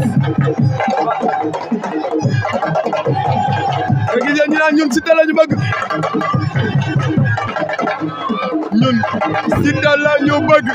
nga gisee ñu naan ñun Siteu ñu bëgg ñun Siteu ñu bëgg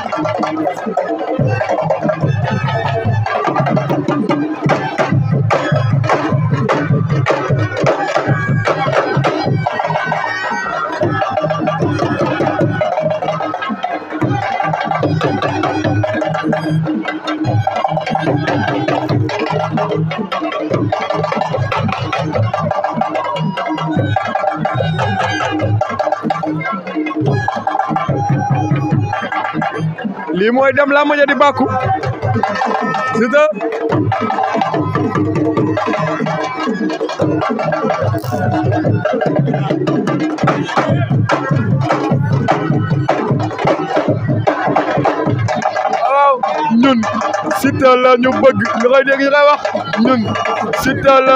lii mooy dem làmb ja di bàkku Siteu waaw ñun ñu bëgg li koy dégg ñu koy wax ñun Siteu la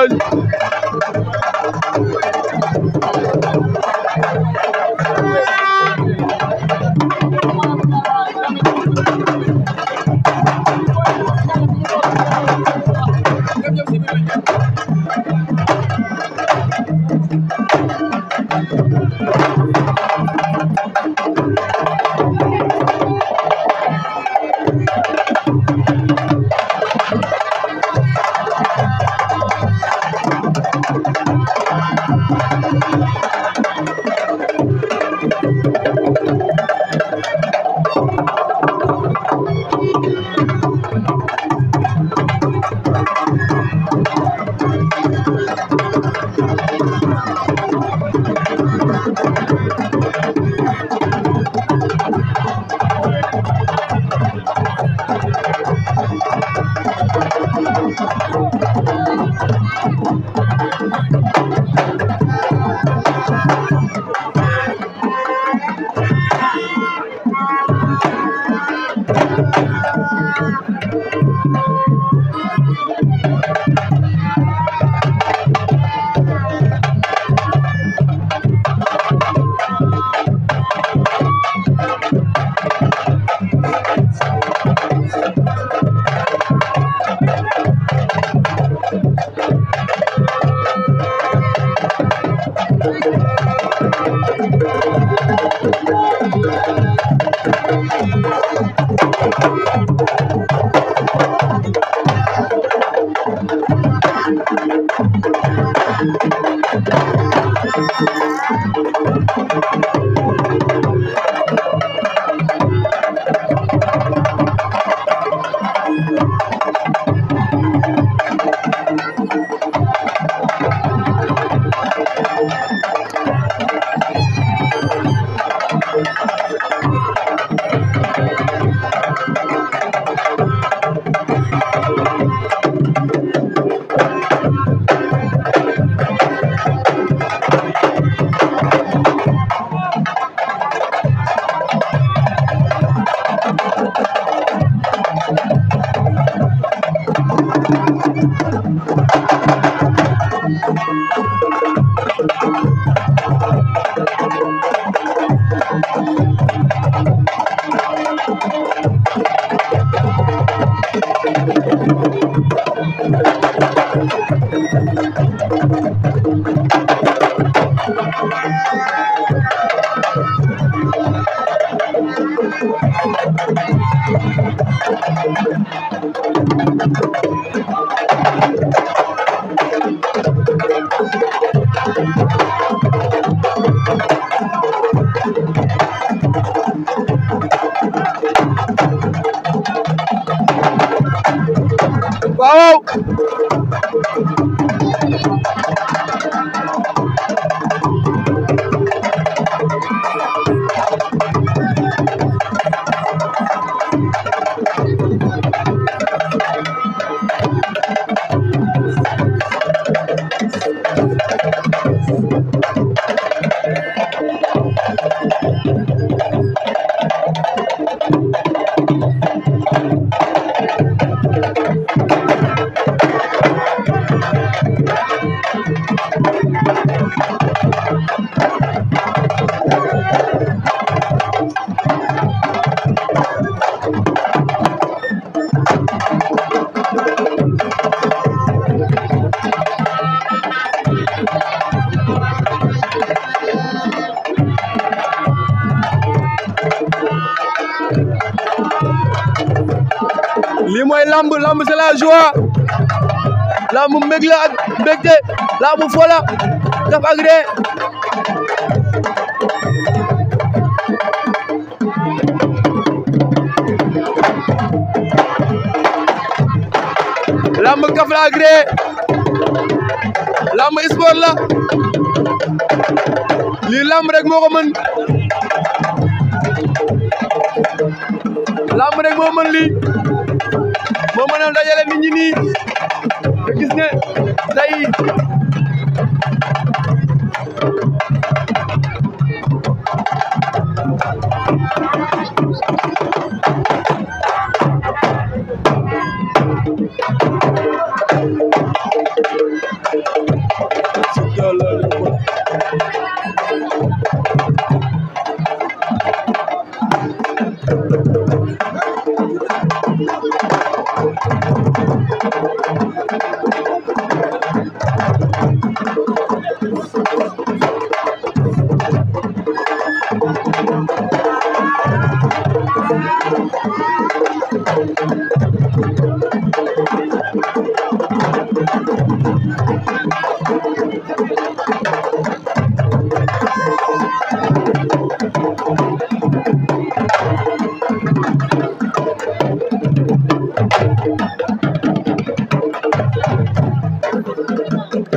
Thank you. lamb c'est la joie lamb mbég la ak mbégte lamb fola kaf ak ree lamb kaf la ak ree lamb sport la lii lamb rek moo ko mën lamb rek moo mën lii moo mënoon dajale nit ñi nii nga gis ne day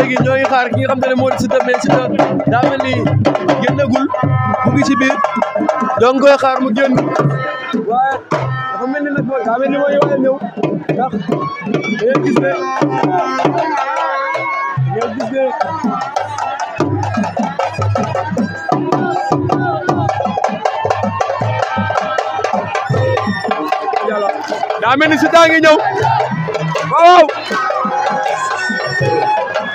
léegi ñoo ngi xaar ki nga xam te ne moo di Siteu mais Siteu daa mel ni génnagul mu ngi ci biir donc koy xaar mu génn waaye dafa mel ni nag daa mel ni moo ñëw ñëw ndax dañoo gis ne dañoo gis ne daa mel ni Siteu a ngi ñëw waaw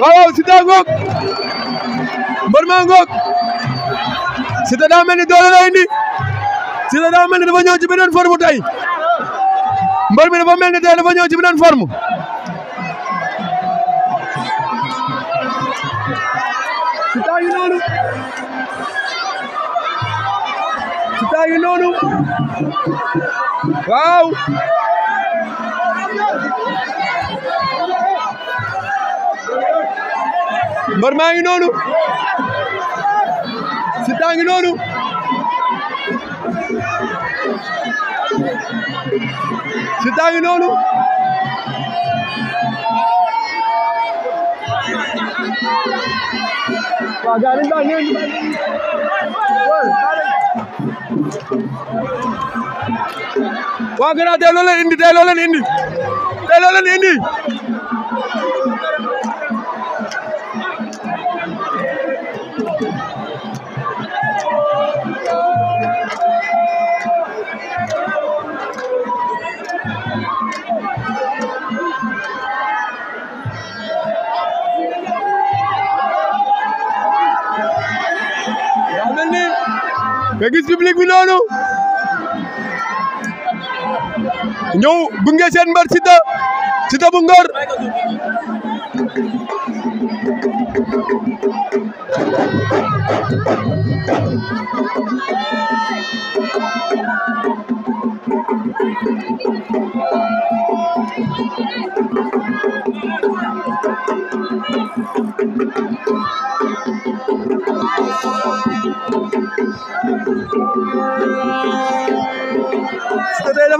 waaw Siteu ngoog mbër maa ngoog Siteu daa mel ni doole la indi Siteu daa mel ni dafa ñëw ci beneen forme tey mbër mi dafa mel ni tey dafa ñëw ci beneen forme Siteu yi noonu Siteu yi noonu waaw mbër maa ngi noonu Siteu a ngi noonu Siteu a ngi noonu waa gaa yi daal ngeen waa gannaaw tey loo leen indi tey loo leen indi tey loo leen indi nga gis public bi noonu ñëw gunge seen mbër Siteu Siteu bu Ngor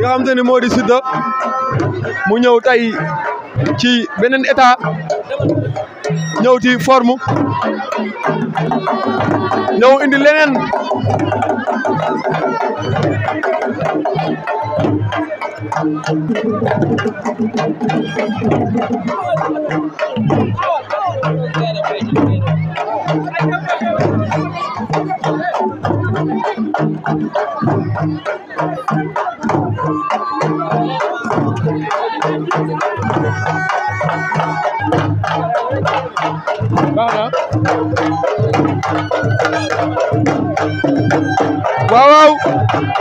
nga xam te ne moo di Siteu mu ñëw tey ci beneen état ñëw ci forme ñëw indi leneen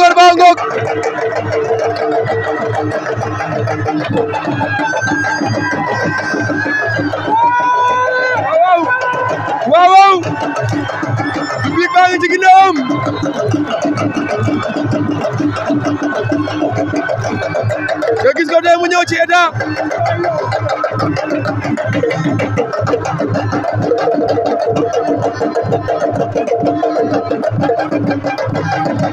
Ngor ba ngoog waaw waaw bi baa ngi ci ginnaawam nga gis ko tey mu ñëw ci état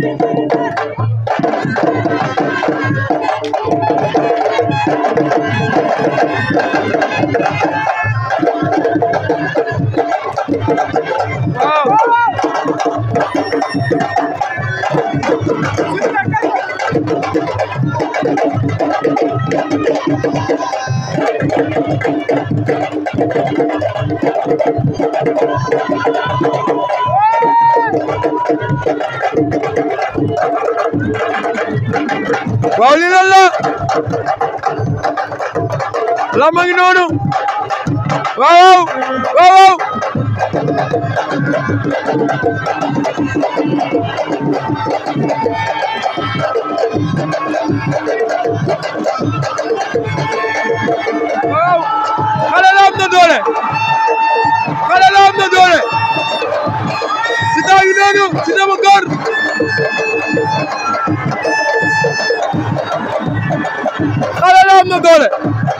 Thank you. la ma ngi noonu waaw waaw xale la am na doole xale la am na doole Siteu ngi noonu Siteu bu góor xale la am na doole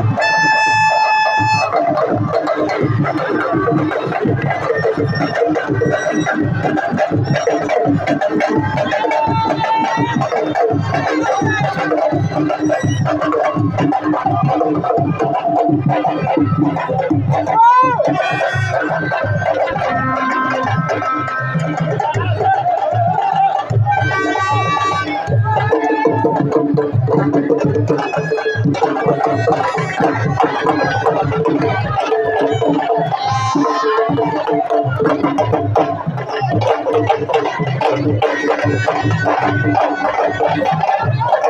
Thank you. Thank you.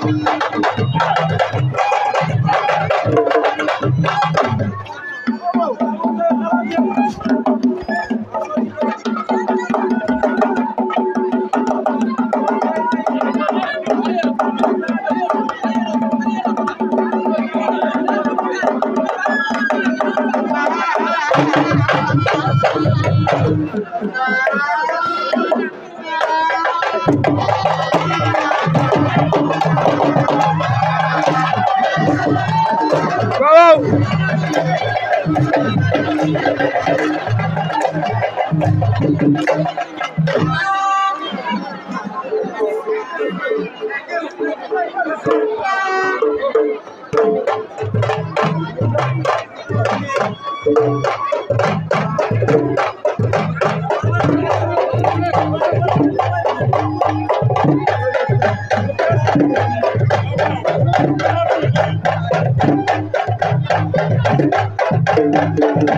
Go! a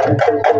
Thank you.